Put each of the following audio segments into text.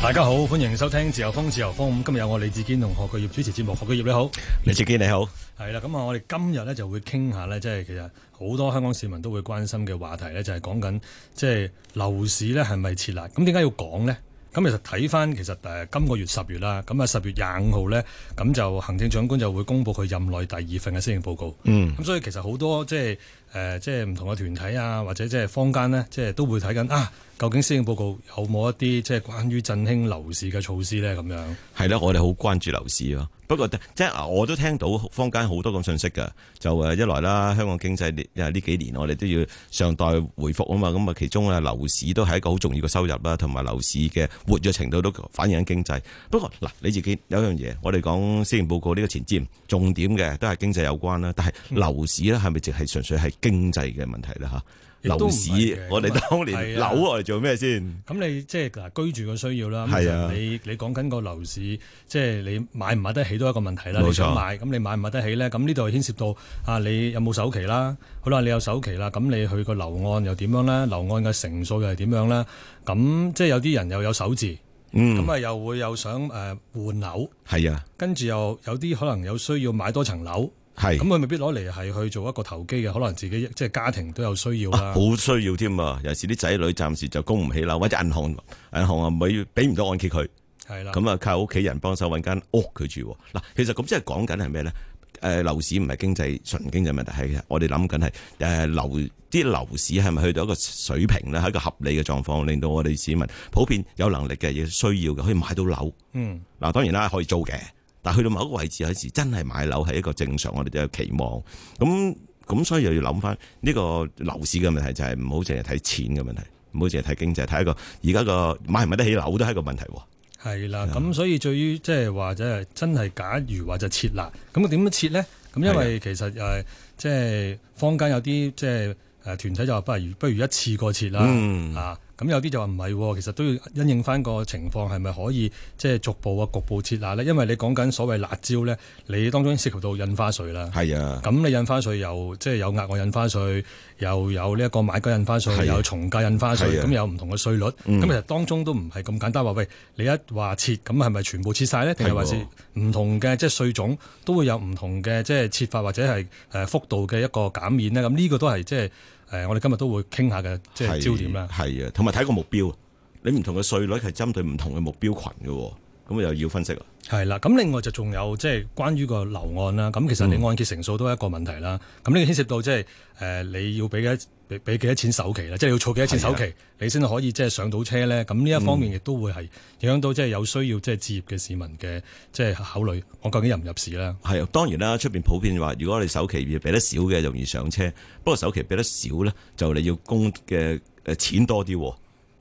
大家好，歡迎收聽自由風自由風。咁今日有我李志堅同何巨業主持節目。何巨業你好，李志堅你好。係啦，咁啊，我哋今日咧就會傾下咧，即係其實好多香港市民都會關心嘅話題咧，就係講緊即係樓市咧係咪熾熱，咁點解要講呢？咁其實睇翻其實誒，今個月十月啦，咁啊十月廿五號咧，咁就行政長官就會公布佢任內第二份嘅施政報告。嗯，咁所以其實好多即係。就是誒、呃，即係唔同嘅團體啊，或者即係坊間呢，即係都會睇緊啊，究竟施政報告有冇一啲即係關於振興樓市嘅措施咧？咁樣係啦，我哋好關注樓市喎。不過即係我都聽到坊間好多咁信息㗎，就誒一來啦，香港經濟呢幾年我哋都要尚待回復啊嘛。咁啊，其中啊樓市都係一個好重要嘅收入啦，同埋樓市嘅活躍程度都反映緊經濟。不過嗱，你自己有一樣嘢，我哋講施政報告呢個前瞻重點嘅都係經濟有關啦，但係樓市咧係咪淨係純粹係？經濟嘅問題啦，吓樓市，我哋當年樓我嚟做咩先？咁你即係嗱，就是、居住嘅需要啦。係啊，你你講緊個樓市，即、就、係、是、你買唔買得起都係一個問題啦。冇錯。你想買，咁你買唔買得起咧？咁呢度牽涉到啊，你有冇首期啦？好啦，你有首期啦，咁你去個樓按又點樣咧？樓按嘅成數又係點樣咧？咁即係有啲人又有首字，咁、嗯、啊又會又想誒換樓，係啊，跟住又有啲可能有需要買多層樓。係，咁佢未必攞嚟，係去做一個投機嘅，可能自己即係家庭都有需要啦。好、啊、需要添啊！有時啲仔女暫時就供唔起樓，或者銀行銀行啊，咪俾唔到按揭佢。係啦，咁啊靠屋企人幫手搵間屋佢住。嗱，其實咁即係講緊係咩咧？誒，樓市唔係經濟純經濟問題，係我哋諗緊係誒樓啲樓市係咪去到一個水平咧，一個合理嘅狀況，令到我哋市民普遍有能力嘅嘢需要嘅可以買到樓。嗯，嗱，當然啦，可以租嘅。但去到某一個位置，有時真係買樓係一個正常，我哋都有期望。咁，咁，所以又要諗翻呢個樓市嘅問題，就係唔好淨係睇錢嘅問題，唔好淨係睇經濟，睇一個而家個買唔買得起樓都係一個問題。係啦，咁所以對於即係話即係真係，假如話就撤啦，咁點樣撤呢？咁因為其實誒，即係坊間有啲即係誒團體就話不如不如一次過撤啦，啊、嗯！咁有啲就話唔係，其實都要因應翻個情況，係咪可以即係逐步啊局部切啦咧？因為你講緊所謂辣椒咧，你當中涉及到印花稅啦。啊，咁你印花稅又即係有額外印花稅，又有呢一個買家印花稅，啊、又有重價印花稅，咁、啊、有唔同嘅稅率。咁、嗯、其實當中都唔係咁簡單。話喂，你一話切，咁係咪全部切晒咧？定係話是唔同嘅即係稅種都會有唔同嘅即係切法，或者係、呃、幅度嘅一個減免咧？咁呢個都係即係。誒，我哋今日都會傾下嘅即係焦點啦，係啊，同埋睇個目標，你唔同嘅稅率係針對唔同嘅目標羣嘅，咁又要分析啦。係啦，咁另外就仲有即係關於個樓案啦。咁其實你按揭成數都係一個問題啦。咁你牽涉到即係誒你要俾一。俾俾幾多錢首期咧？即係要儲幾多錢首期，你先可以即係上到車咧。咁呢一方面亦都會係影響到即係有需要即係置業嘅市民嘅即係考慮，嗯、我究竟入唔入市咧？係，當然啦，出邊普遍話，如果你首期要俾得少嘅，容易上車。不過首期俾得少咧，就你要供嘅誒錢多啲。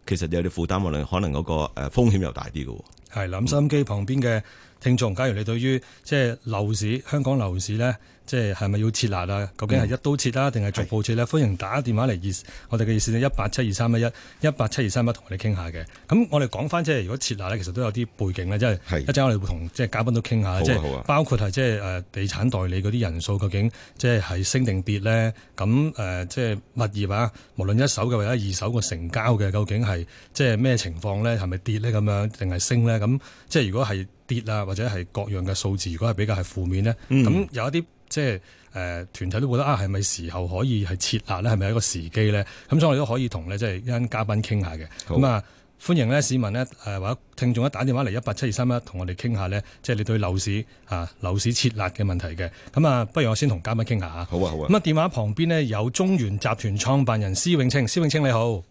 其實你有啲負擔，可能嗰個誒風險又大啲嘅。係諗心機，旁邊嘅聽眾，嗯、假如你對於即係樓市香港樓市咧？即係係咪要撤辣啊？究竟係一刀切啊，定係逐步撤咧？歡迎打電話嚟意我哋嘅熱線一八七二三一一一八七二三一同我哋傾下嘅。咁我哋講翻即係如果撤辣咧，其實都有啲背景咧，即係一陣我哋會同即係嘉賓都傾下，啊啊、即係包括係即係地產代理嗰啲人數究竟、呃、即係升定跌咧？咁即係物業啊，無論一手嘅或者二手個成交嘅究竟係即係咩情況咧？係咪跌咧咁樣，定係升咧？咁即係如果係跌啊，或者係各樣嘅數字，如果係比較係負面咧，咁、嗯、有一啲。即係誒、呃、團體都覺得啊，係咪時候可以係設立咧？係咪一個時機呢？咁所以我哋都可以同呢，即係一陣間嘉賓傾下嘅。咁啊，啊，歡迎呢市民呢，誒、呃、或者聽眾呢，打電話嚟一八七二三一同我哋傾下呢，即係你對樓市啊樓市設立嘅問題嘅。咁啊，不如我先同嘉賓傾下嚇。好啊好啊。咁啊，電話旁邊呢，有中原集團創辦人施永青。施永青，你好。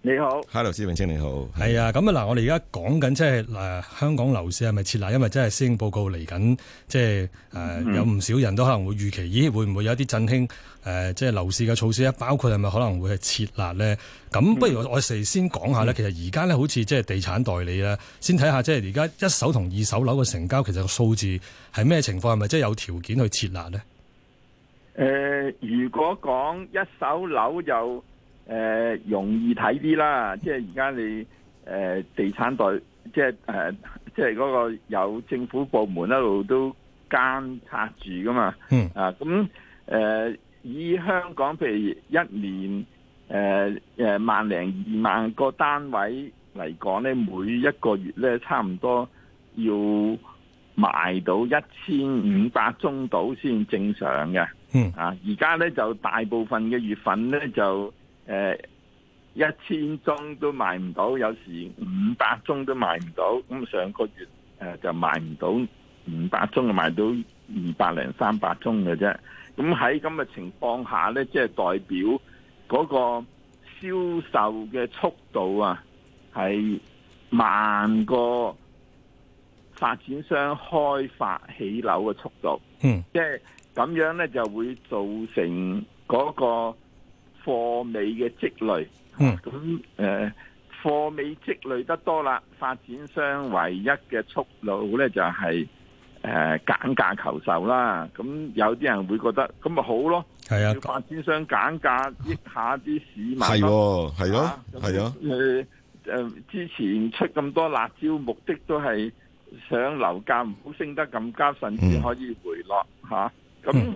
你好，Hello，施永青，你好。係、嗯、啊，咁、就是、啊嗱，我哋而家講緊即係誒，香港樓市係咪撤辣？因為即係施政報告嚟緊，即係誒，有唔少人都可能會預期，咦，會唔會有一啲振興誒，即係樓市嘅措施咧？包括係咪可能會係撤辣咧？咁不如我哋先講下咧、嗯。其實而家咧，好似即係地產代理咧，先睇下即係而家一手同二手樓嘅成交，其實個數字係咩情況？係咪即係有條件去撤辣咧？誒、呃，如果講一手樓又？誒、呃、容易睇啲啦，即係而家你誒、呃、地產代，即係誒、呃、即係嗰個有政府部門一路都監察住噶嘛。嗯。啊，咁誒、呃、以香港譬如一年誒、呃、萬零二萬個單位嚟講咧，每一個月咧差唔多要賣到一千五百宗到先正常嘅。嗯。啊，而家咧就大部分嘅月份咧就誒、欸，一千宗都賣唔到，有時五百宗都賣唔到。咁上個月誒、呃、就賣唔到五百宗，賣到二百零三百宗嘅啫。咁喺咁嘅情況下呢，即係代表嗰個銷售嘅速度啊，係慢過發展商開發起樓嘅速度。嗯、即係咁樣呢，就會造成嗰、嗰個。貨尾嘅積累，咁、嗯、誒，貨尾積累得多啦，發展商唯一嘅出路咧就係誒減價求售啦。咁、嗯、有啲人會覺得，咁咪好咯、啊，要發展商減價益下啲市民係係係誒誒，之前出咁多辣招，目的都係想樓價唔好升得咁急，甚至可以回落吓。咁、嗯嗯啊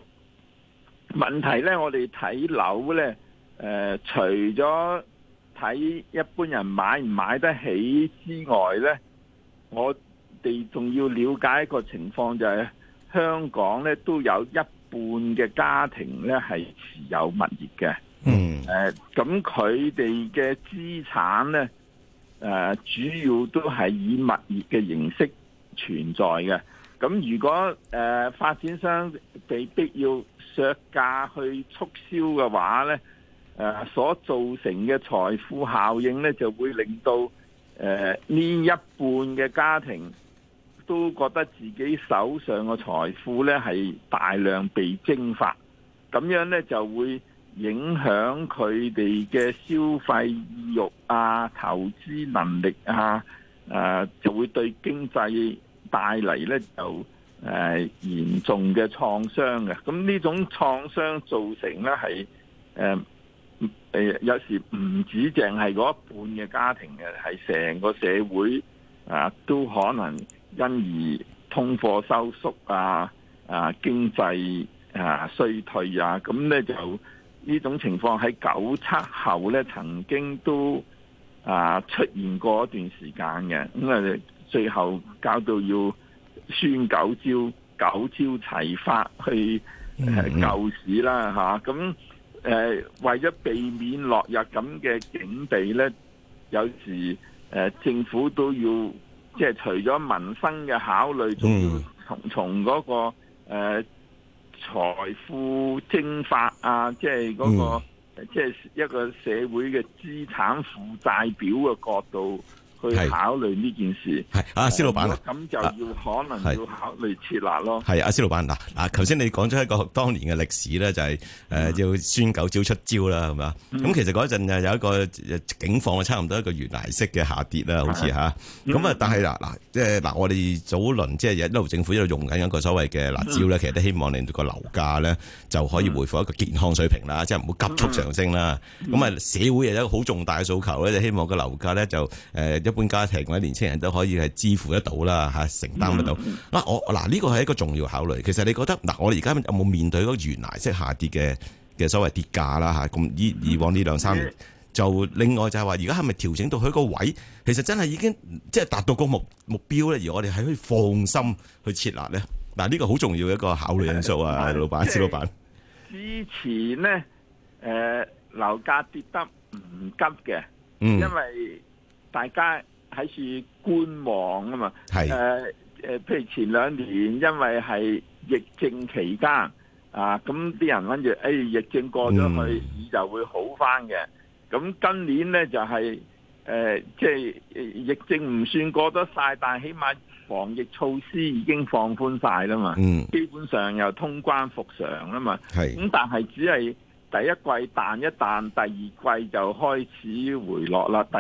嗯、問題咧，我哋睇樓咧。誒、呃，除咗睇一般人買唔買得起之外呢，我哋仲要了解一個情況，就係、是、香港呢都有一半嘅家庭呢係持有物業嘅，嗯，咁佢哋嘅資產呢，誒、呃，主要都係以物業嘅形式存在嘅。咁、呃、如果誒、呃、發展商被逼要削價去促銷嘅話呢。所造成嘅財富效應呢，就會令到誒呢一半嘅家庭都覺得自己手上嘅財富呢係大量被蒸發，咁樣呢，就會影響佢哋嘅消費意欲啊、投資能力啊，誒就會對經濟帶嚟呢就誒嚴重嘅創傷嘅。咁呢種創傷造成呢係誒。誒有時唔止淨係嗰一半嘅家庭嘅，係成個社會啊都可能因而通貨收縮啊、啊經濟啊衰退啊，咁咧就呢種情況喺九七後咧曾經都啊出現過一段時間嘅，咁啊最後搞到要宣九招九招齊發去、啊啊、救市啦嚇、啊，咁、啊。嗯誒、呃，為咗避免落入咁嘅境地呢，有時誒、呃，政府都要即係除咗民生嘅考慮，仲要從從、那個誒財、呃、富蒸發啊，即係嗰、那個、嗯、即係一個社會嘅資產負債表嘅角度，去考慮呢件事，係啊，施老闆，咁、嗯、就要可能要考慮設立咯。係啊，施老闆嗱嗱，頭、啊、先你講咗一個當年嘅歷史咧，就係、是、誒、嗯、要孫九招出招啦，咁、嗯、其實嗰陣有一個境況差唔多一個懸崖式嘅下跌啦，好似吓。咁、嗯、啊，嗯、但係嗱嗱，即係嗱，我哋早輪即係一路政府一路用緊一個所謂嘅辣椒咧、嗯，其實都希望令到個樓價咧就可以回復一個健康水平啦、嗯，即係唔好急速上升啦。咁、嗯、啊、嗯，社會有一個好重大嘅訴求咧，就希望個樓價咧就、呃一般家庭或者年青人，都可以係支付得到啦，吓，承擔得到。啊、嗯，我嗱呢個係一個重要考慮。其實你覺得嗱，我哋而家有冇面對嗰個原來即係下跌嘅嘅所謂跌價啦？吓，咁以以往呢兩三年、嗯、就另外就係話，而家係咪調整到佢個位？其實真係已經即係達到個目目標咧，而我哋係可以放心去設立咧。嗱，呢個好重要嘅一個考慮因素啊，老闆，施老闆。之前咧，誒、呃，樓價跌得唔急嘅、嗯，因為。大家喺處觀望啊嘛，誒誒、呃呃，譬如前兩年因為係疫症期間，啊、呃，咁啲人諗住，誒、哎，疫症過咗去、嗯，就會好翻嘅。咁今年咧就係、是、誒、呃，即係疫症唔算過得晒，但係起碼防疫措施已經放寬晒啦、嗯、嘛，基本上又通關復常啦嘛。咁但係只係。第一季彈一彈，第二季就開始回落啦。第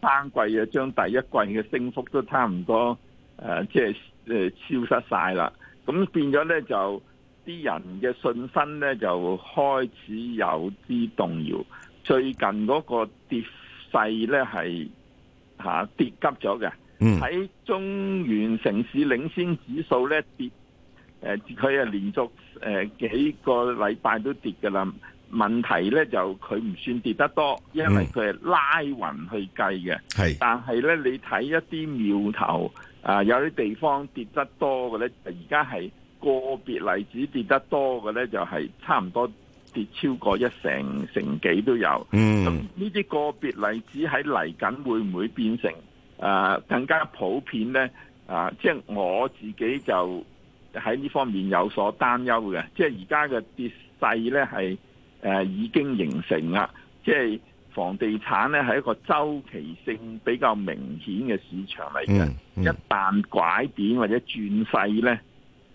三季啊，將第一季嘅升幅都差唔多誒，即係誒消失晒啦。咁變咗咧，就啲人嘅信心咧就開始有啲動搖。最近嗰個跌勢咧係嚇跌急咗嘅，喺、嗯、中原城市領先指數咧跌誒，佢、呃、係連續誒、呃、幾個禮拜都跌嘅啦。問題咧就佢唔算跌得多，因為佢係拉勻去計嘅。係、嗯，但係咧你睇一啲苗頭啊、呃，有啲地方跌得多嘅咧，而家係個別例子跌得多嘅咧，就係、是、差唔多跌超過一成成幾都有。嗯，咁呢啲個別例子喺嚟緊會唔會變成誒、呃、更加普遍咧？啊、呃，即係我自己就喺呢方面有所擔憂嘅，即係而家嘅跌勢咧係。誒，已經形成啦，即係房地產咧係一個周期性比較明顯嘅市場嚟嘅、嗯嗯，一旦拐點或者轉勢咧，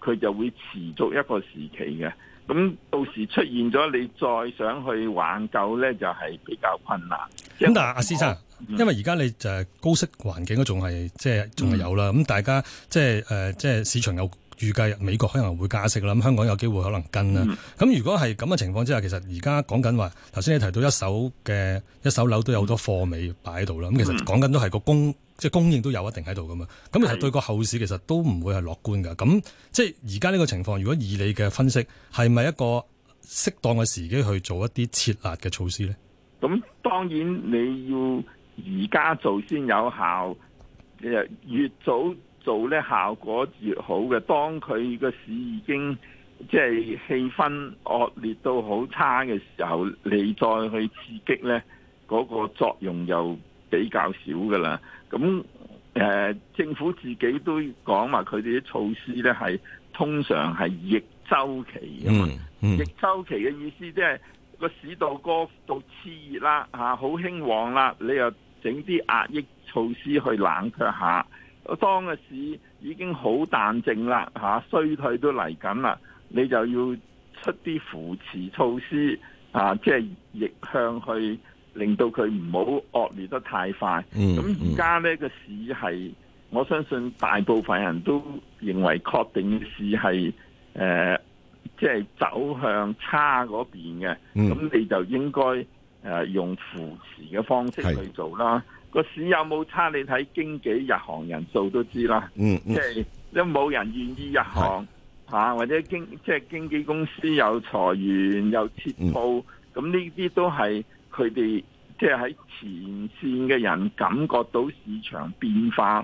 佢就會持續一個時期嘅。咁到時出現咗，你再想去挽救咧，就係比較困難。咁但係阿先生，因為而家你就係高息環境都仲係即係仲係有啦，咁、嗯、大家即係誒即係市場有。預計美國可能會加息啦，咁香港有機會可能跟啦。咁、嗯、如果係咁嘅情況之下，其實而家講緊話，頭先你提到一手嘅一手樓都有好多貨尾擺喺度啦。咁、嗯、其實講緊都係個供，即係供應都有一定喺度噶嘛。咁、嗯、其實對個後市其實都唔會係樂觀噶。咁即係而家呢個情況，如果以你嘅分析，係咪一個適當嘅時機去做一啲撤辣嘅措施咧？咁當然你要而家做先有效，誒越早，做咧效果越好嘅，當佢個市已經即係氣氛惡劣到好差嘅時候，你再去刺激咧，嗰、那個作用又比較少噶啦。咁誒、呃，政府自己都講話，佢哋啲措施咧，係通常係逆周期啊、嗯嗯、逆周期嘅意思即係個市道過度熾熱啦，吓好興旺啦，你又整啲壓抑措施去冷卻下。我當個市已經好淡靜啦，嚇衰退都嚟緊啦，你就要出啲扶持措施啊，即係逆向去令到佢唔好惡劣得太快。咁而家呢個市係，我相信大部分人都認為確定嘅市係誒，呃，即係走向差嗰邊嘅。咁、嗯、你就應該誒、呃、用扶持嘅方式去做啦。個市有冇差？你睇經紀入行人數都知啦、嗯嗯，即係都冇人願意入行吓、啊，或者經即係經紀公司又裁員又撤鋪，咁呢啲都係佢哋即係喺前線嘅人感覺到市場變化。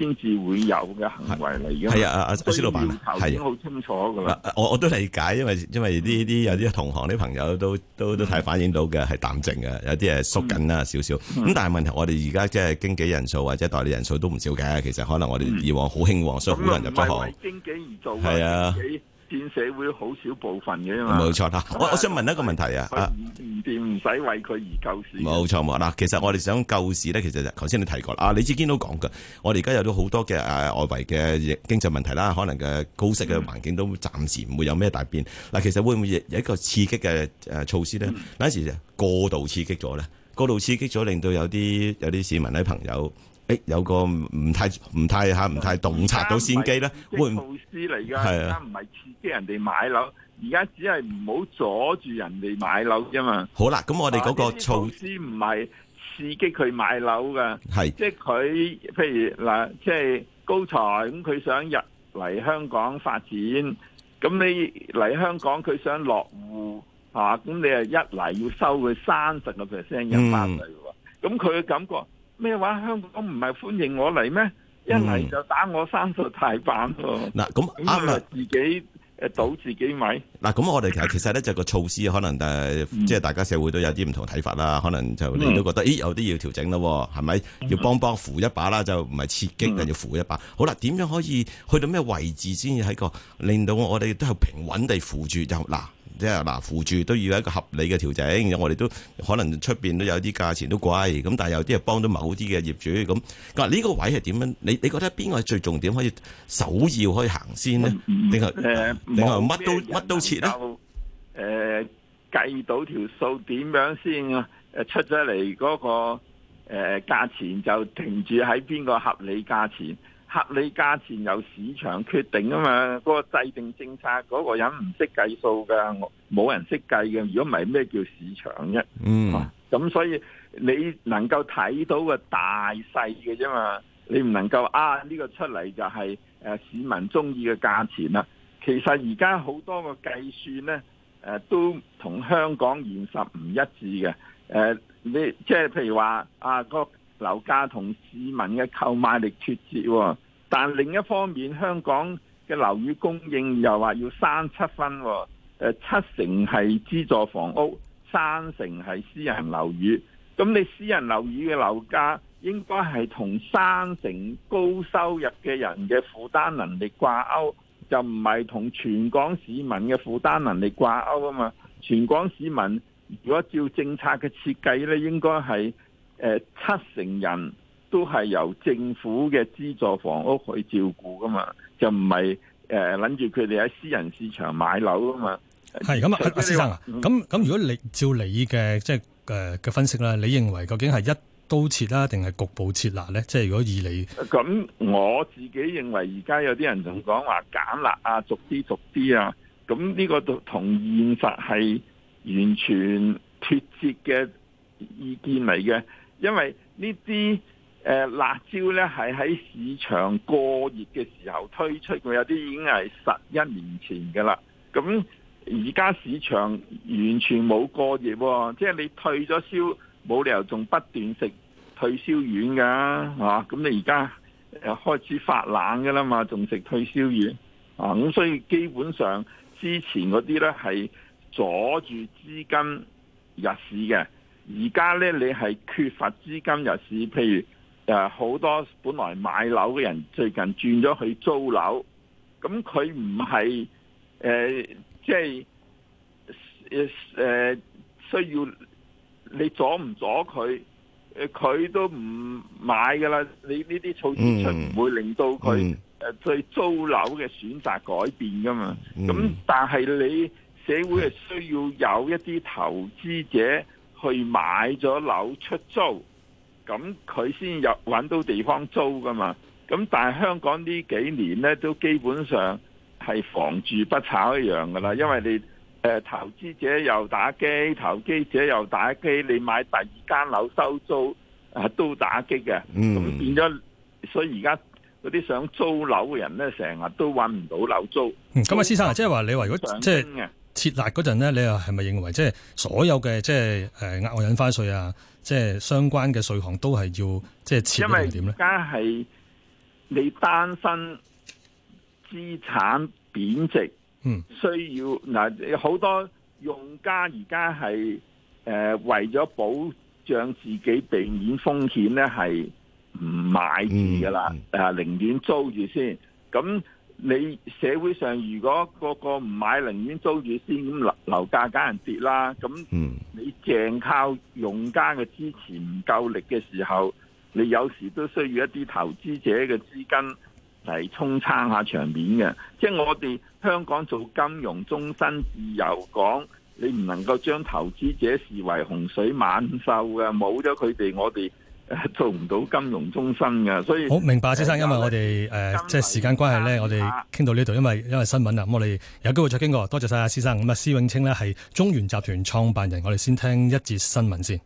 先至會有嘅行為嚟，嘅。啊，阿施老闆。所以頭先好清楚噶。我我都理解，因為因為啲啲有啲同行啲朋友都、嗯、都都太反映到嘅，係淡靜嘅，有啲係縮緊啦、嗯、少少。咁但係問題我，我哋而家即係經紀人數或者代理人數都唔少嘅。其實可能我哋以往好興旺，嗯、所以好多人入咗行。咁啊，經紀而做嘅。係啊。變社會好少部分嘅嘛，冇錯啦。啊嗯、我、嗯、我想問一個問題、嗯、啊，唔掂唔使為佢而救市。冇錯冇錯。嗱，其實我哋想救市咧，其實頭先你提過啦。啊，李志堅都講嘅，我哋而家有咗好多嘅誒、啊、外圍嘅經濟問題啦，可能嘅高息嘅環境都暫時唔會有咩大變。嗱、嗯，其實會唔會有一個刺激嘅誒措施咧？有陣時就過度刺激咗咧，過度刺激咗，令到有啲有啲市民咧朋友。誒有個唔太唔太嚇唔太洞察到先機咧，即係措施嚟㗎。而家唔係刺激人哋買樓，而家只係唔好阻住人哋買樓啫嘛。好啦，咁我哋嗰個措施唔係刺激佢買樓㗎，係即係佢譬如嗱，即係高才咁，佢想入嚟香港發展，咁你嚟香港佢想落戶嚇，咁你又一嚟要收佢三十個 percent 入返嚟喎，咁佢嘅感覺。咩話？香港唔係歡迎我嚟咩？一嚟就打我三十大板喎。嗱、嗯，咁、嗯、啱啊，自己誒倒自己米嗱。咁我哋其實其實咧就個措施可能誒，即係大家社會都有啲唔同睇法啦。可能就你都覺得，咦、嗯，有啲要調整咯，係咪要幫幫扶一把啦？就唔係刺激，但、嗯、要扶一把。好啦，點樣可以去到咩位置先至喺個令到我我哋都係平穩地扶住就嗱？即係嗱，扶住都要一個合理嘅調整。我哋都可能出面都有啲價錢都貴，咁但係有啲係幫到某啲嘅業主咁。嗱，呢個位係點樣？你你覺得邊個最重點可以首要可以行先呢？另外乜都乜、呃、都切咧？誒、呃、計到條數點樣先啊、那個？出咗嚟嗰個價錢就停住喺邊個合理價錢？合理價錢由市場決定啊嘛，嗰、嗰個制定政策嗰個人唔識計數㗎，冇人識計嘅。如果唔係咩叫市場啫？嗯、mm. 啊，咁所以你能夠睇到個大細嘅啫嘛，你唔能夠啊呢、呢個出嚟就係、是啊、市民中意嘅價錢啦。其實而家好多個計算呢，啊、都同香港現實唔一致嘅誒、啊，你即係、就是、譬如話啊、那個樓價同市民嘅購買力脫節、哦，但另一方面，香港嘅樓宇供應又話要三七分喎。七成係資助房屋，三成係私人樓宇。咁你私人樓宇嘅樓價應該係同三成高收入嘅人嘅負擔能力掛鈎，就唔係同全港市民嘅負擔能力掛鈎啊嘛！全港市民如果照政策嘅設計呢，應該係。誒、呃，七成人都係由政府嘅資助房屋去照顧噶嘛，就唔係誒諗住佢哋喺私人市場買樓噶嘛。係咁啊，施、啊、先生啊，咁、嗯、咁，那那如果你照你嘅即係誒嘅分析啦，你認為究竟係一刀切啦，定係局部撤辣咧？即係如果以你咁我自己認為而家有啲人仲講話減辣啊，逐啲逐啲啊，咁呢個就同現實係完全脫節嘅意見嚟嘅。因為呢啲誒辣招呢，係喺市場過熱嘅時候推出嘅，有啲已經係十一年前嘅啦。咁而家市場完全冇過熱，即係你退咗燒，冇理由仲不斷食退燒丸㗎，係嘛？咁你而家又開始發冷嘅啦嘛，仲食退燒丸啊？咁所以基本上之前嗰啲呢，係阻住資金入市嘅。而家咧，你係缺乏資金入市，如譬如誒好多本來買樓嘅人最近轉咗去租樓，咁佢唔係誒即係誒誒需要你阻唔阻佢？誒佢都唔買噶啦，你呢啲措施出，唔會令到佢誒對租樓嘅選擇改變噶嘛？咁但係你社會係需要有一啲投資者。去買咗樓出租，咁佢先有揾到地方租噶嘛？咁但係香港呢幾年呢，都基本上係房住不炒一樣噶啦。因為你誒、呃、投資者又打機，投機者又打機，你買第二間樓收租，啊，都打擊嘅。嗯，變咗所以而家嗰啲想租樓嘅人呢，成日都揾唔到樓租。嗯，咁、嗯、啊，施生即係話你話如果撤辣嗰陣咧，你又係咪認為即係所有嘅即係誒額外印花稅啊，即係相關嘅稅項都係要即係撤定點咧？因為而家係你擔心資產貶值，嗯，需要嗱，好多用家而家係誒為咗保障自己避免風險咧，係唔買住噶啦，誒寧願租住先咁。你社會上如果個個唔買，寧願租住先，咁樓樓價梗係跌啦。咁你淨靠用家嘅支持唔夠力嘅時候，你有時都需要一啲投資者嘅資金嚟充撐下場面嘅。即係我哋香港做金融中心自由港，你唔能夠將投資者視為洪水猛獸嘅，冇咗佢哋，我哋做唔到金融中心嘅，所以好明白先、啊、生。因為我哋誒，即、呃、係時間關係咧、啊，我哋傾到呢度。因為因為新聞啦，咁我哋有機會再傾過。多謝晒啊，先生。咁啊，施永青咧係中原集團創辦人。我哋先聽一節新聞先。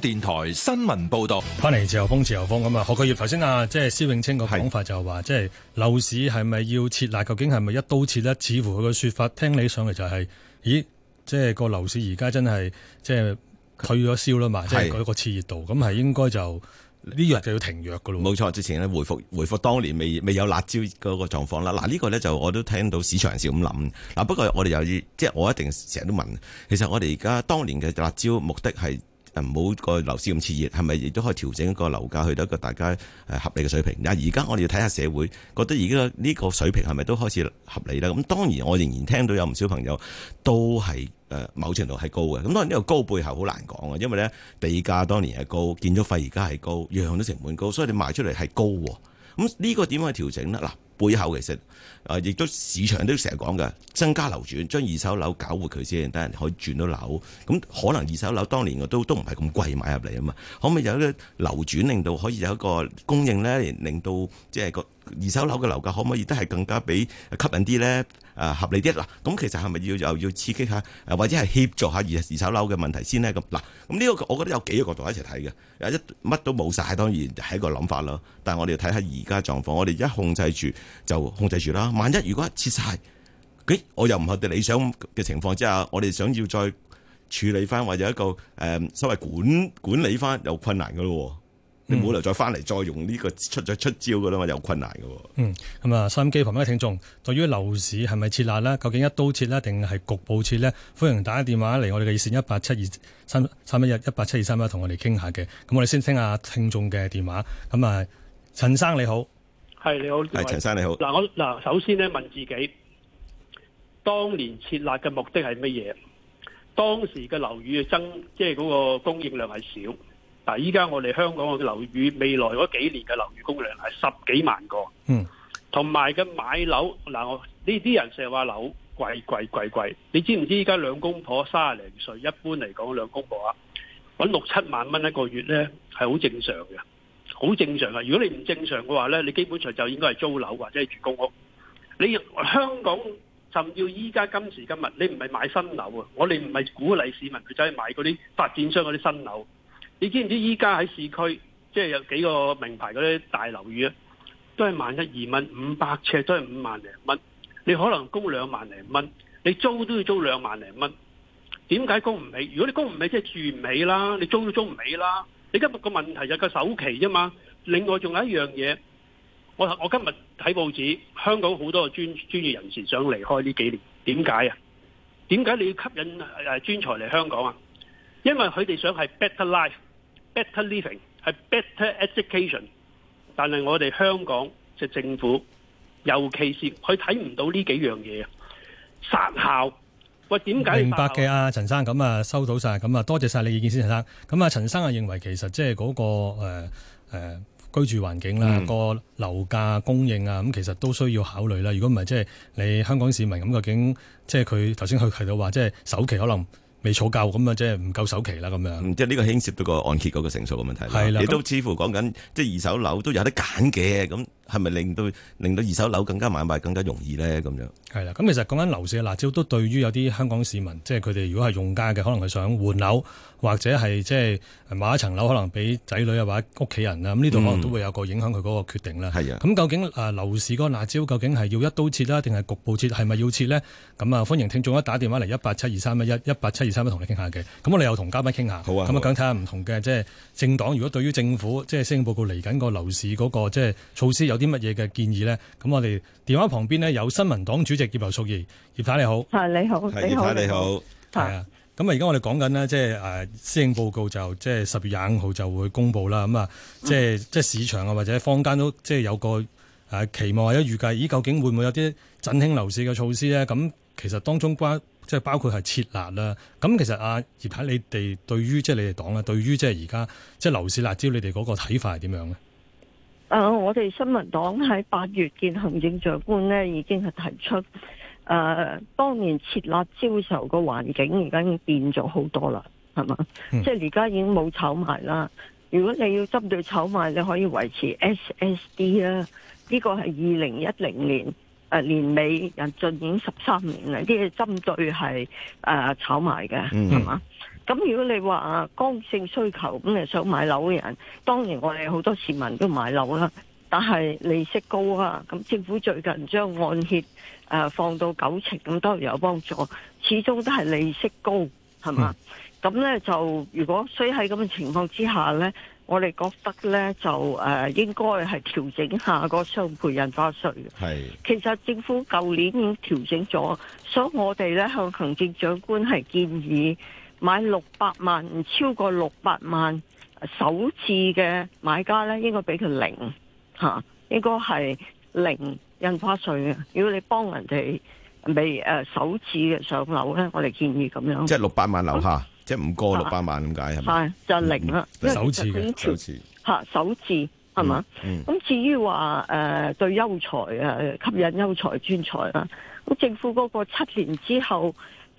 電台新聞報道翻嚟，自由風，自由風咁啊。何國業頭先啊，即係施永青個講法就話，即係樓市係咪要撤辣？究竟係咪一刀切咧？似乎佢個說法聽起上嚟就係、是，咦，即係個樓市而家真係即係退咗燒啦嘛，即係佢、那個熾熱度咁係應該就呢日、這個、就要停藥噶咯。冇錯，之前咧回復回復當年未未有辣椒嗰個狀況啦。嗱、這個，呢個咧就我都聽到市場人士咁諗嗱，不過我哋又要即係我一定成日都問，其實我哋而家當年嘅辣椒目的係。唔好個樓市咁熾熱，係咪亦都可以調整一個樓價去到一個大家合理嘅水平？嗱，而家我哋要睇下社會覺得而家呢個水平係咪都開始合理啦？咁當然我仍然聽到有唔少朋友都係某程度係高嘅。咁當然呢個高背後好難講啊，因為咧地價當年係高，建築費而家係高，樣樣都成本高，所以你賣出嚟係高。咁呢個點樣去調整呢？嗱。背後其實，啊，亦都市場都成日講嘅，增加流轉，將二手樓搞活佢先，等人可以轉到樓。咁可能二手樓當年都都唔係咁貴買入嚟啊嘛，可唔可以有一啲流轉令到可以有一個供應咧，令到即係、就是、個二手樓嘅樓價可唔可以都係更加畀吸引啲咧？誒、啊，合理啲啦。咁其實係咪要又要刺激下，或者係協助下二二手樓嘅問題先咧？咁、啊、嗱，咁、這、呢個我覺得有幾個角度一齊睇嘅，一乜都冇晒，當然係一個諗法咯。但係我哋要睇下而家狀況，我哋一控制住就控制住啦。萬一如果切晒，誒，我又唔係喺理想嘅情況之下，我哋想要再處理翻或者一個誒、呃、所謂管管理翻，有困難噶咯。你冇理由再翻嚟再用呢個出咗出，出招噶啦嘛，有困難噶。嗯，咁、嗯、啊，收音機旁邊嘅聽眾，對於樓市係咪撤辣咧？究竟一刀切咧，定係局部切咧？歡迎打電話嚟我哋嘅熱線 187231, 187231, 一八七二三三一一八七二三一，同我哋傾下嘅。咁我哋先聽下聽眾嘅電話。咁、嗯、啊，陳生你好，係你好，係陳生你好。嗱我嗱首先咧問自己，當年撤辣嘅目的係乜嘢？當時嘅樓宇嘅增，即係嗰個供應量係少。嗱，依家我哋香港嘅樓宇未來嗰幾年嘅樓宇供量係十幾萬個，嗯，同埋嘅買樓嗱，呢啲人成日話樓貴貴貴貴，你知唔知依家兩公婆卅零歲，一般嚟講兩公婆揾六七萬蚊一個月咧係好正常嘅，好正常嘅。如果你唔正常嘅話咧，你基本上就應該係租樓或者係住公屋。你香港甚至依家今時今日，你唔係買新樓啊，我哋唔係鼓勵市民佢走去買嗰啲發展商嗰啲新樓。你知唔知依家喺市區，即係有幾個名牌嗰啲大樓宇啊，都係萬一二蚊，五百尺都係五萬零蚊。你可能供兩萬零蚊，你租都要租兩萬零蚊。點解供唔起？如果你供唔起，即係住唔起啦，你租都租唔起啦。你今日個問題就係個首期啫嘛。另外仲有一樣嘢，我我今日睇報紙，香港好多專專業人士想離開呢幾年，點解啊？點解你要吸引專才嚟香港啊？因為佢哋想係 better life。Better living 係 better education，但係我哋香港嘅政府，尤其是佢睇唔到呢幾樣嘢啊，殺校喂，點解明白嘅啊？陳生咁啊，收到晒，咁啊，多謝晒你意見先，陳生咁啊，陳生啊認為其實即係嗰個誒、呃呃、居住環境啦，嗯個樓價供應啊，咁其實都需要考慮啦。如果唔係即係你香港市民咁究竟他，即係佢頭先去提到話，即係首期可能。未儲夠咁啊，即係唔夠首期啦咁樣。嗯，即係呢個牽涉到個按揭嗰個成數嘅問題。係啦的，亦都似乎講緊，即係二手樓都有得揀嘅。咁係咪令到令到二手樓更加買賣更加容易咧？咁樣。係啦，咁其實講緊樓市嘅辣招，都對於有啲香港市民，即係佢哋如果係用家嘅，可能佢想換樓，或者係即係買一層樓，可能俾仔女啊或者屋企人啦，咁呢度可能都會有個影響佢嗰個決定啦。係、嗯、啊，咁究竟啊樓市嗰個辣招究竟係要一刀切啦，定係局部切？係咪要切呢？咁啊，歡迎聽眾一打電話嚟一八七二三一一八七二三一，同你傾下嘅。咁我哋又同嘉賓傾下，好啊。咁啊，睇下唔同嘅即係政黨，如果對於政府即係施政報告嚟緊個樓市嗰、那個即係、就是、措施有啲乜嘢嘅建議呢？咁我哋電話旁邊呢，有新民黨主。接葉劉淑儀，葉太你好，係你好，葉太你好，係啊。咁啊，而家我哋講緊呢，即係誒，施政報告就即係十月廿五號就會公佈啦。咁啊、嗯，即係即係市場啊，或者坊間都即係有個誒期望或者預計，咦，究竟會唔會有啲振興樓市嘅措施咧？咁其實當中關即係包括係撤辣啦。咁其實啊，葉太，你哋對於即係你哋黨啊，對於即係而家即係樓市辣招，你哋嗰個睇法係點樣咧？啊、呃！我哋新民黨喺八月見行政長官咧，已經係提出，誒、呃，當年設立招售個環境已經變咗好多啦，係嘛、嗯？即係而家已經冇炒賣啦。如果你要針對炒賣，你可以維持 SSD 啦、啊。呢、這個係二零一零年誒、呃、年尾人進已經十三年啦，啲嘢針對係誒、呃、炒賣嘅，係嘛？嗯咁如果你話剛性需求咁，你想買樓嘅人，當然我哋好多市民都買樓啦。但係利息高啊，咁政府最近將按揭誒放到九成咁，當然有幫助。始終都係利息高，係嘛？咁、嗯、呢，就如果所以喺咁嘅情況之下呢，我哋覺得呢，就誒、呃、應該係調整下個雙倍印花稅係，其實政府舊年已經調整咗，所以我哋呢向行政長官係建議。買六百萬，唔超過六百萬首次嘅買家咧，應該俾佢零吓，應該係零印花稅嘅。如果你幫人哋未誒首次嘅上樓咧，我哋建議咁樣。即係六百萬樓下即係唔過六百萬咁解係咪？係、啊、就係、零啦、嗯，首次嘅首次吓，首次係嘛？咁、嗯嗯、至於話誒對優才啊吸引優才專才啦，咁政府嗰個七年之後。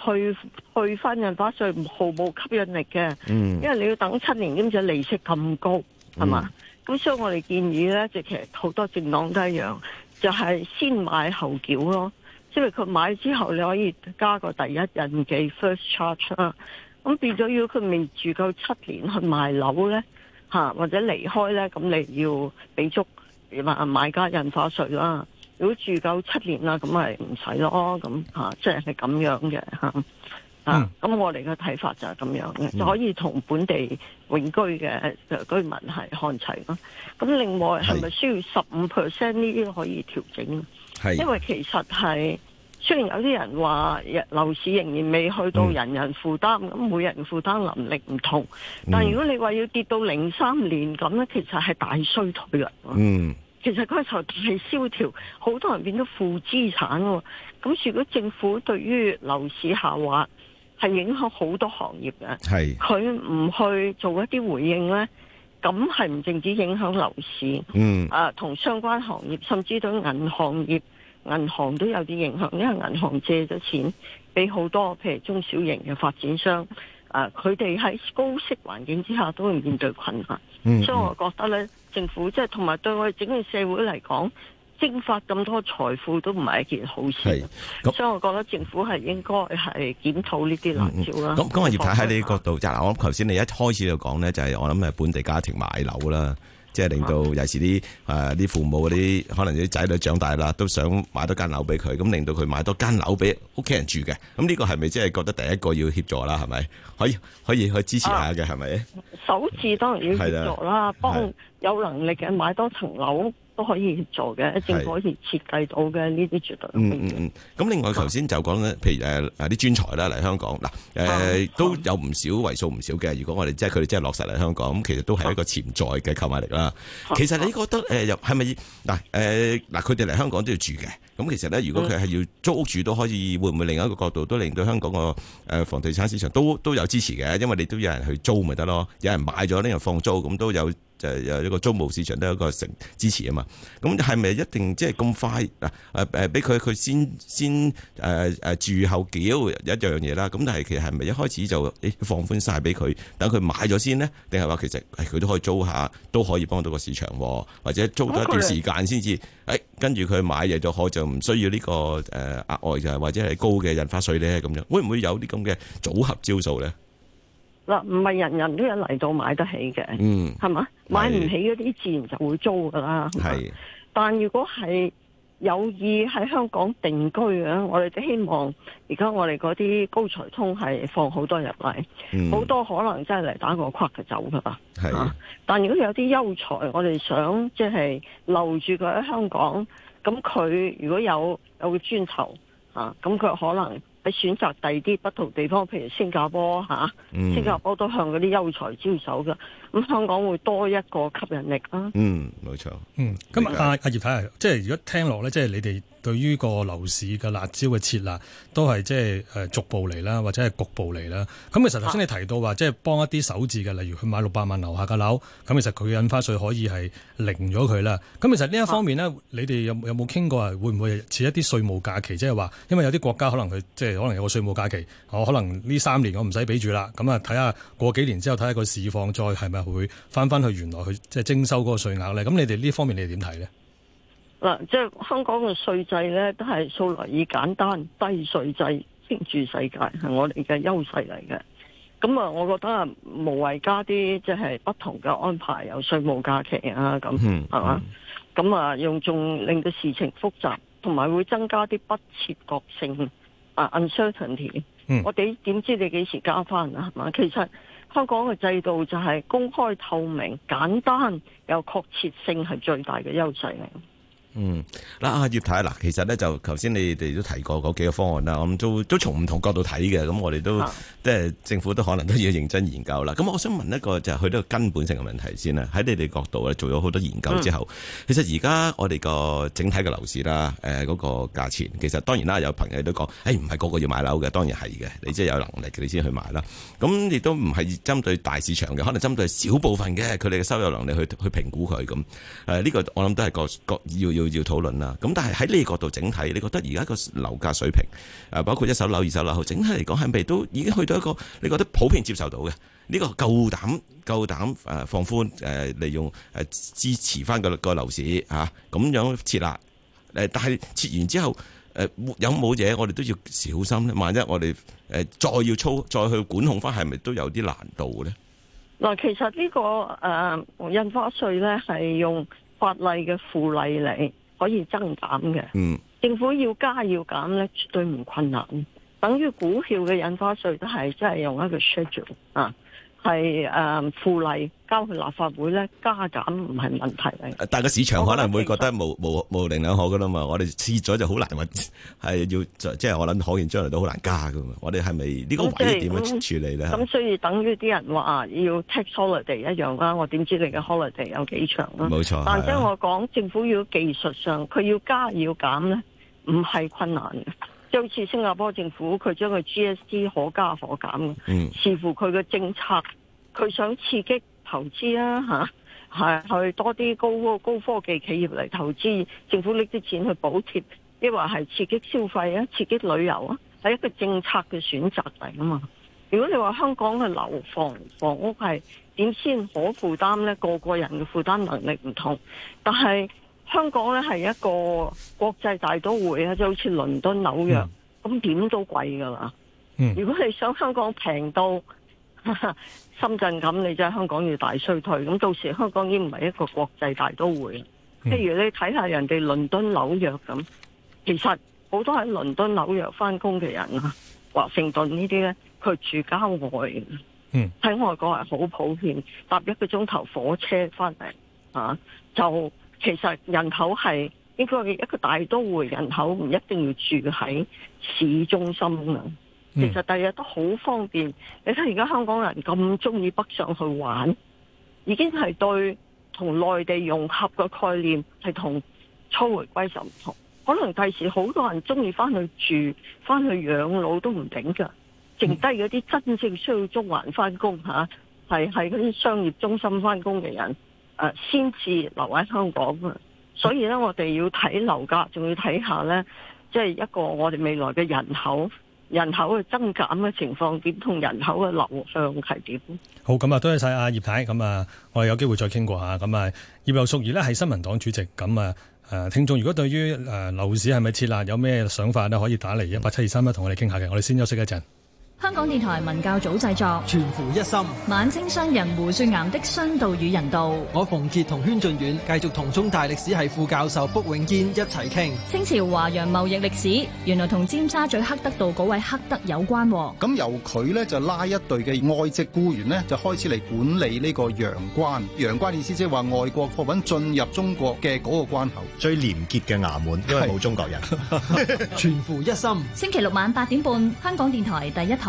去去翻印花稅，毫無吸引力嘅、嗯，因為你要等七年先至利息咁高，係、嗯、嘛？咁所以我哋建議咧，即其實好多政黨都一樣，就係、是、先買後繳咯，即係佢買之後你可以加個第一印嘅 first charge，啦。咁變咗如果佢未住夠七年去賣樓咧，吓或者離開咧，咁你要俾足啊買家印花稅啦。如果住夠七年啦，咁咪唔使咯，咁吓，即係係咁樣嘅吓，啊，咁、就是啊啊、我哋嘅睇法就係咁樣嘅、嗯，就可以同本地永居嘅、呃、居民係看齊咯。咁另外係咪需要十五 percent 呢啲可以調整？因為其實係雖然有啲人話，樓市仍然未去到、嗯、人人負擔，咁每人負擔能力唔同。但如果你話要跌到零三年咁咧，其實係大衰退啊。嗯。其實嗰個時候大蕭條，好多人變咗負資產。咁如果政府對於樓市下滑係影響好多行業嘅，係佢唔去做一啲回應呢，咁係唔淨止影響樓市，嗯啊，同相關行業，甚至對銀行業，銀行都有啲影響，因為銀行借咗錢俾好多，譬如中小型嘅發展商。啊！佢哋喺高息環境之下都會面對困難，嗯、所以我覺得咧、嗯，政府即係同埋對我哋整個社會嚟講，蒸發咁多財富都唔係一件好事。係，所以我覺得政府係應該係檢討呢啲辣招啦。咁、嗯，咁、嗯、葉太喺你角度，就嗱，我諗頭先你一開始就講咧，就係、是、我諗係本地家庭買樓啦。即係令到有時啲誒啲父母嗰啲，可能啲仔女長大啦，都想買多間樓俾佢，咁令到佢買多間樓俾屋企人住嘅。咁呢個係咪即係覺得第一個要協助啦？係咪？可以可以去支持下嘅係咪？首次當然要協助啦，幫有能力嘅買多層樓。都可以做嘅，政府可以設計到嘅呢啲絕對。嗯嗯嗯。咁另外頭先就講咧，譬如誒誒啲專才啦嚟香港嗱誒，都有唔少為數唔少嘅。如果我哋即係佢哋即係落實嚟香港，咁其實都係一個潛在嘅購買力啦。其實你覺得誒又係咪嗱誒嗱佢哋嚟香港都要住嘅？咁其實咧，如果佢係要租屋住，都可以會唔會另一個角度都令到香港個誒房地產市場都都有支持嘅？因為你都有人去租咪得咯，有人買咗咧又放租，咁都有。就係有一個租務市場都有一個成支持啊嘛，咁係咪一定即係咁快嗱誒誒俾佢佢先先誒誒、呃、住後繳一樣嘢啦？咁但係其實係咪一開始就誒放寬晒俾佢，等佢買咗先呢？定係話其實佢都可以租下，都可以幫到個市場，或者租咗一段時間先至誒，跟住佢買嘢就可就唔需要呢個誒額外就或者係高嘅印花稅咧咁樣，會唔會有啲咁嘅組合招數咧？唔係人人都有嚟到買得起嘅，係、嗯、嘛？買唔起嗰啲自然就會租噶啦。係，但如果係有意喺香港定居嘅，我哋希望而家我哋嗰啲高才通係放好多入嚟，好、嗯、多可能真係嚟打個括就走噶啦、啊。但如果有啲優才，我哋想即係留住佢喺香港，咁佢如果有有個磚頭嚇，咁、啊、佢可能。選擇第啲不同地方，譬如新加坡嚇，啊，新加坡都向嗰啲優才招手噶。咁香港會多一個吸引力啊！嗯，冇錯。嗯，咁阿阿葉太啊，太太即係如果聽落咧，即係你哋對於個樓市嘅辣椒嘅設立，都係即係、呃、逐步嚟啦，或者係局部嚟啦。咁其實頭先你提到話、啊，即係幫一啲首置嘅，例如去買六百萬樓下嘅樓，咁其實佢印花稅可以係零咗佢啦。咁其實呢一方面呢、啊，你哋有有冇傾過啊？會唔會設一啲稅務假期，即係話因為有啲國家可能佢即係可能有個稅務假期，我可能呢三年我唔使俾住啦。咁啊，睇下過幾年之後睇下個市況再係咪？是會翻翻去原來去即係徵收嗰個稅額咧，咁你哋呢方面你哋點睇咧？嗱，即係香港嘅稅制咧，都係素來以簡單，低稅制先住世界係我哋嘅優勢嚟嘅。咁啊，我覺得啊，無謂加啲即係不同嘅安排，有稅務假期啊，咁係嘛，咁啊、嗯、用仲令到事情複雜，同埋會增加啲不切覺性啊、uh,，uncertainty。嗯、我哋點知道你幾時加翻啊？係嘛，其實。香港嘅制度就係公開、透明、簡單，有確切性，係最大嘅優勢嚟。嗯，嗱阿葉太嗱，其實咧就頭先你哋都提過嗰幾個方案啦，我諗都都從唔同角度睇嘅，咁我哋都即係、啊、政府都可能都要認真研究啦。咁我想問一個就係、是、去到個根本性嘅問題先啦。喺你哋角度做咗好多研究之後，嗯、其實而家我哋個整體嘅樓市啦，誒、呃、嗰、那個價錢，其實當然啦，有朋友都講，誒唔係個個要買樓嘅，當然係嘅，你即係有能力你先去買啦。咁亦都唔係針對大市場嘅，可能針對小部分嘅佢哋嘅收入能力去去評估佢咁。誒、呃、呢、這個我諗都係個，個要。要要討論啦，咁但係喺呢個角度整體，你覺得而家個樓價水平，誒包括一手樓、二手樓，後整體嚟講係咪都已經去到一個你覺得普遍接受到嘅呢個夠膽夠膽誒放寬誒利用誒支持翻個個樓市吓咁樣設立誒，但係設完之後誒有冇嘢我哋都要小心咧？萬一我哋誒再要操再去管控翻，係咪都有啲難度咧？嗱，其實呢個誒、啊、印花稅咧係用。法例嘅附例嚟，可以增減嘅、嗯。政府要加要減咧，絕對唔困難。等於股票嘅印花稅都係，即係用一個 schedule 啊。係誒，附、嗯、例交去立法會咧，加減唔係問題嚟。但個市場可能會覺得冇冇冇零兩可噶啦嘛，我哋撤咗就好難搵，係要即係我諗可見將來都好難加噶嘛。我哋係咪呢個位點樣處理咧？咁所，、嗯、所以等於啲人話要 take holiday 一樣啦，我點知道你嘅 holiday 有幾長啦、啊？冇錯。但即係我講政府要技術上，佢要加要減咧，唔係困難的。就好似新加坡政府，佢將個 GSD 可加可減嘅，視乎佢嘅政策，佢想刺激投資啊，吓，係去多啲高高科技企業嚟投資，政府拎啲錢去補貼，抑或係刺激消費啊、刺激旅遊啊，係一個政策嘅選擇嚟啊嘛。如果你話香港嘅樓房房屋係點先可負擔呢？個個人嘅負擔能力唔同，但係。香港咧係一個國際大都會啊，就好似倫敦、紐約咁，點都貴噶啦。嗯，如果你想香港平到呵呵深圳咁，你真係香港要大衰退，咁到時香港已經唔係一個國際大都會啦，嗯。譬如你睇下人哋倫敦、紐約咁，其實好多喺倫敦、紐約翻工嘅人啊，華盛頓呢啲咧，佢住郊外，嗯，喺外國係好普遍，搭一個鐘頭火車翻嚟、啊、就。其實人口係應該一個大都會，人口唔一定要住喺市中心。其實第日都好方便。你睇而家香港人咁中意北上去玩，已經係對同內地融合嘅概念，係同初回歸時唔同。可能第時好多人中意翻去住，翻去養老都唔頂噶，剩低嗰啲真正需要中環翻工吓，係喺嗰啲商業中心翻工嘅人。誒、呃，先至留喺香港啊！所以咧，我哋要睇樓價，仲要睇下咧，即係一個我哋未來嘅人口、人口嘅增減嘅情況點，同人口嘅流向係點。好，咁啊，多謝晒阿葉太。咁啊，我哋有機會再傾過吓。咁啊，葉劉淑儀咧係新民黨主席。咁啊，誒、呃，聽眾如果對於誒樓市係咪撤辣，有咩想法咧？可以打嚟一八七二三一，同我哋傾下嘅。我哋先休息一陣。香港電台文教組製作，全乎一心。晚清商人胡雪岩的商道與人道。我馮杰同軒俊遠繼續同中大歷史系副教授卜永堅一齊傾清朝華洋貿易歷史。原來同尖沙咀黑德道嗰位黑德有關。咁由佢咧就拉一隊嘅外籍僱員咧，就開始嚟管理呢個洋關。洋關意思即係話外國貨品進入中國嘅嗰個關口，最廉潔嘅衙門，因為冇中國人。 全乎一心。星期六晚八點半，香港電台第一台。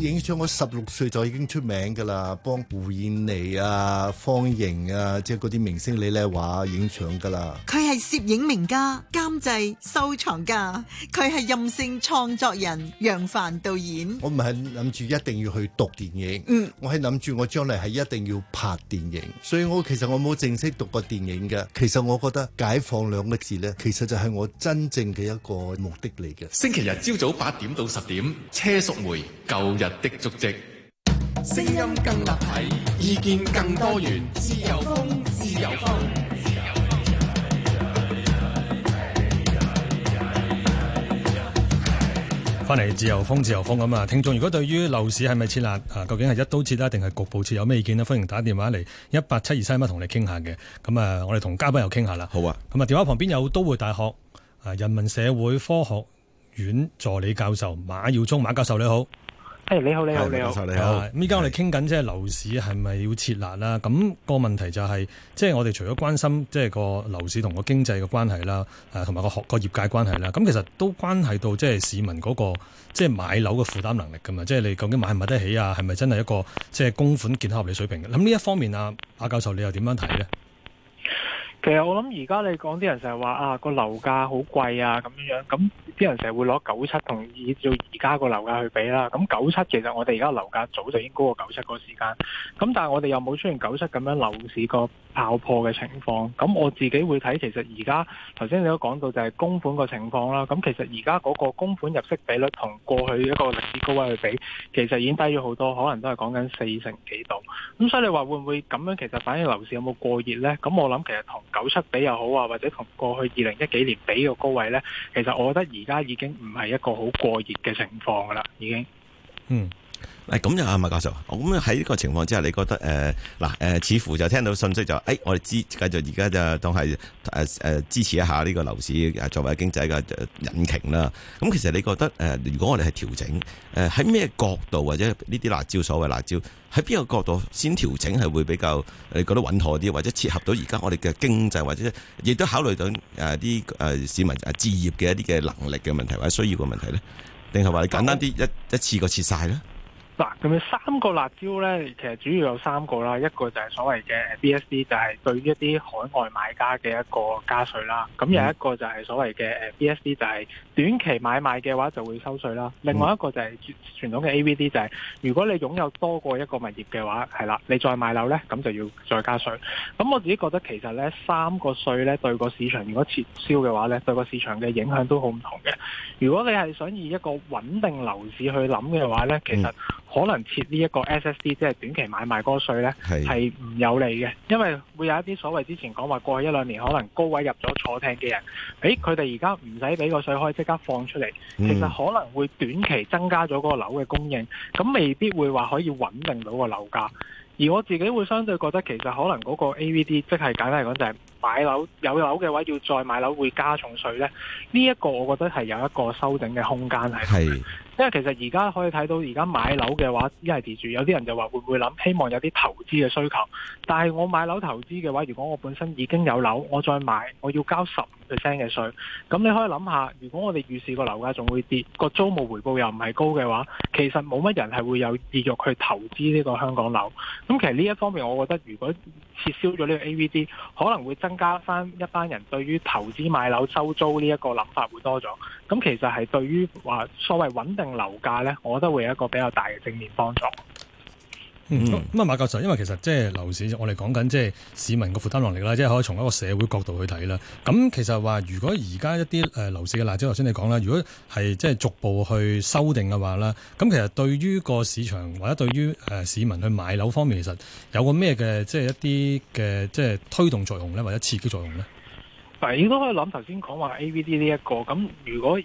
影相，我十六歲就已經出名噶啦，幫胡燕妮啊、方盈啊，即係嗰啲明星李麗華影相噶啦。佢係攝影名家、監製、收藏家，佢係任性創作人、楊凡導演。我唔係諗住一定要去讀電影，嗯，我係諗住我將來係一定要拍電影，所以我其實我冇正式讀過電影嘅。其實我覺得解放兩個字呢，其實就係我真正嘅一個目的嚟嘅。星期日朝早八點到十點，車淑梅舊日的足跡，聲音更立體，意見更多元，自由風，自由風，翻嚟自由風，自由風咁啊！聽眾如果對於樓市係咪撤辣，啊，究竟係一刀切定係局部切，有咩意見咧？歡迎打電話嚟一八七二三一，同你哋傾下嘅咁啊！我哋同嘉賓又傾下啦，好啊！咁啊，電話旁邊有都會大學啊，人文社會科學院助理教授馬耀宗，馬教授你好。誒、hey，你好，你好，你好，教授你好。咁依家我哋傾緊即係樓市係咪要撤辣啦？咁、那個問題就係、是，即、就、係、是、我哋除咗關心即係、就是、個樓市同個經濟嘅關係啦，誒、啊，同埋個學個業界關係啦。咁、那個、其實都關係到即係、就是、市民嗰、那個即係、就是、買樓嘅負擔能力噶嘛？即、就、係、是、你究竟買唔買得起啊？係咪真係一個即係供款健康合理水平嘅？咁呢一方面啊，阿教授你又點樣睇咧？其實我諗而家你講啲人成日話啊個樓價好貴啊咁樣樣，咁啲人成日會攞九七同以照而家個樓價去比啦。咁九七其實我哋而家樓價早就已經高過九七嗰個時間，咁但係我哋又冇出現九七咁樣樓市個爆破嘅情況。咁我自己會睇，其實而家頭先你都講到就係供款個情況啦。咁其實而家嗰個供款入息比率同過去一個歷史高位去比，其實已經低咗好多，可能都係講緊四成幾度。咁所以你話會唔會咁樣？其實反映樓市有冇過熱呢？咁我諗其實同九七比又好啊，或者同過去二零一幾年比個高位咧，其實我覺得而家已經唔係一個好過熱嘅情況噶啦，已經。嗯。誒，咁又阿馬教授，咁喺呢個情況之下，你覺得誒，嗱、呃，誒、呃，似乎就聽到信息就，誒、哎，我哋支繼續而家就當係誒誒支持一下呢個樓市作為經濟嘅引擎啦。咁、嗯、其實你覺得誒、呃，如果我哋係調整，誒、呃，喺、呃、咩角度或者呢啲辣椒所謂辣椒，喺邊個角度先調整係會比較你覺得穩妥啲，或者切合到而家我哋嘅經濟，或者亦都考慮到誒啲誒市民誒、啊、置業嘅一啲嘅能力嘅問題或者需要嘅問題呢？定係話你簡單啲一一,一次過切晒呢？嗱，咁樣三個辣椒咧，其實主要有三個啦。一個就係所謂嘅 B S D，就係對於一啲海外買家嘅一個加稅啦。咁有一個就係所謂嘅誒 B S D，就係短期買賣嘅話就會收稅啦。另外一個就係傳統嘅 A V D，就係如果你擁有多過一個物業嘅話，係啦，你再買樓咧，咁就要再加稅。咁我自己覺得其實咧，三個稅咧對個市場如果撤銷嘅話咧，對個市場嘅影響都好唔同嘅。如果你係想以一個穩定樓市去諗嘅話咧，其實可能設呢一個 SSD 即係短期買賣嗰個稅呢，係唔有利嘅，因為會有一啲所謂之前講話過，過去一兩年可能高位入咗坐艇嘅人，咦、欸，佢哋而家唔使俾個稅可以即刻放出嚟，其實可能會短期增加咗個樓嘅供應，咁未必會話可以穩定到個樓價。而我自己會相對覺得其實可能嗰個 AVD 即係簡單嚟講就係。買樓有樓嘅話，要再買樓會加重稅呢呢一個我覺得係有一個修整嘅空間係。係，因為其實而家可以睇到，而家買樓嘅話一係住有啲人就話會唔會諗希望有啲投資嘅需求。但係我買樓投資嘅話，如果我本身已經有樓，我再買，我要交十 percent 嘅稅。咁你可以諗下，如果我哋預示個樓價仲會跌，個租務回報又唔係高嘅話，其實冇乜人係會有意欲去投資呢個香港樓。咁其實呢一方面，我覺得如果撤銷咗呢個 AVD，可能會增加翻一班人對於投資買樓收租呢一個諗法會多咗，咁其實係對於話所謂穩定樓價咧，我覺得會有一個比較大嘅正面幫助。咁、嗯、啊，馬教授，因為其實即係樓市，我哋講緊即係市民個負擔能力啦，即係可以從一個社會角度去睇啦。咁其實話，如果而家一啲誒樓市嘅辣招，頭先你講啦，如果係即係逐步去修訂嘅話啦，咁其實對於個市場或者對於誒市民去買樓方面，其實有個咩嘅即係一啲嘅即係推動作用咧，或者刺激作用咧？嗱，你都可以諗頭先講話 A V D 呢一個，咁如果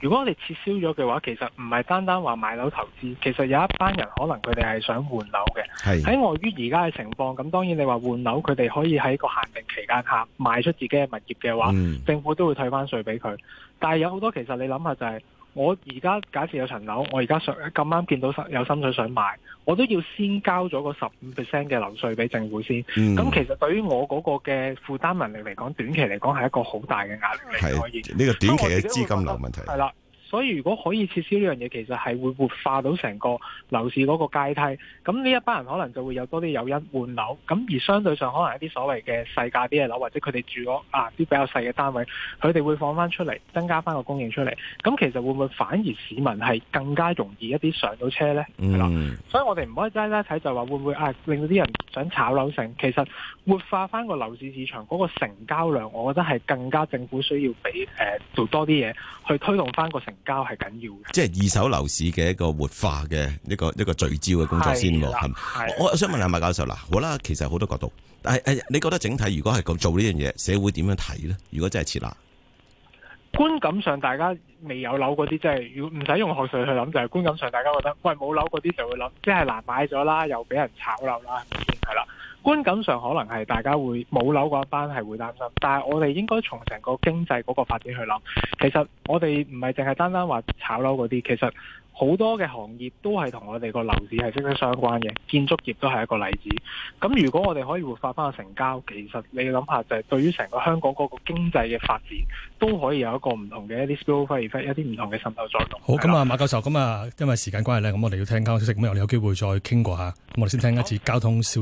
如果我哋撤銷咗嘅話，其實唔係單單話買樓投資，其實有一班人可能佢哋係想換樓嘅。喺礙於而家嘅情況，咁當然你話換樓，佢哋可以喺個限定期間下賣出自己嘅物業嘅話、嗯，政府都會退翻稅俾佢。但係有好多其實你諗下就係、是。我而家假設有層樓，我而家咁啱見到有心水想買，我都要先交咗個十五 percent 嘅樓稅俾政府先。咁、嗯、其實對於我嗰個嘅負擔能力嚟講，短期嚟講係一個好大嘅壓力嚟。可以呢、呢個短期嘅資金流問題係啦。所以如果可以撤銷呢樣嘢，其實係會活化到成個樓市嗰個階梯。咁呢一班人可能就會有多啲有因換樓，咁而相對上，可能一啲所謂嘅細價啲嘅樓或者佢哋住咗啊啲比較細嘅單位，佢哋會放翻出嚟，增加翻個供應出嚟。咁其實會唔會反而市民係更加容易一啲上到車咧？係、嗯、啦，所以我哋唔可以齋齋睇就話會唔會啊令到啲人想炒樓成。其實活化翻個樓市市場嗰個成交量，我覺得係更加政府需要俾誒、呃、做多啲嘢去推動翻個成。交係緊要嘅，即係二手樓市嘅一個活化嘅一個一個聚焦嘅工作先。係，我想問下馬教授啦，好啦，其實好多角度，誒誒，你覺得整體如果係咁做呢樣嘢，社會點樣睇咧？如果真係撤辣，觀感上大家未有樓嗰啲，即係要唔使用學術去諗，就係、是、觀感上大家覺得，喂，冇樓嗰啲就會諗，即係難買咗啦，又俾人炒樓啦，係啦。觀感上可能係大家會冇樓嗰一班係會擔心，但係我哋應該從成個經濟嗰個發展去諗。其實我哋唔係淨係單單話炒樓嗰啲，其實好多嘅行業都係同我哋個樓市係息息相關嘅。建築業都係一個例子。咁如果我哋可以活化翻個成交，其實你諗下就係對於成個香港嗰個經濟嘅發展都可以有一個唔同嘅一啲 spillover effect，一啲唔同嘅滲透作用。好咁啊，馬教授咁啊，因為時間關係咧，咁我哋要聽交通消息，咁我哋有機會再傾過下。咁我哋先聽一次交通消。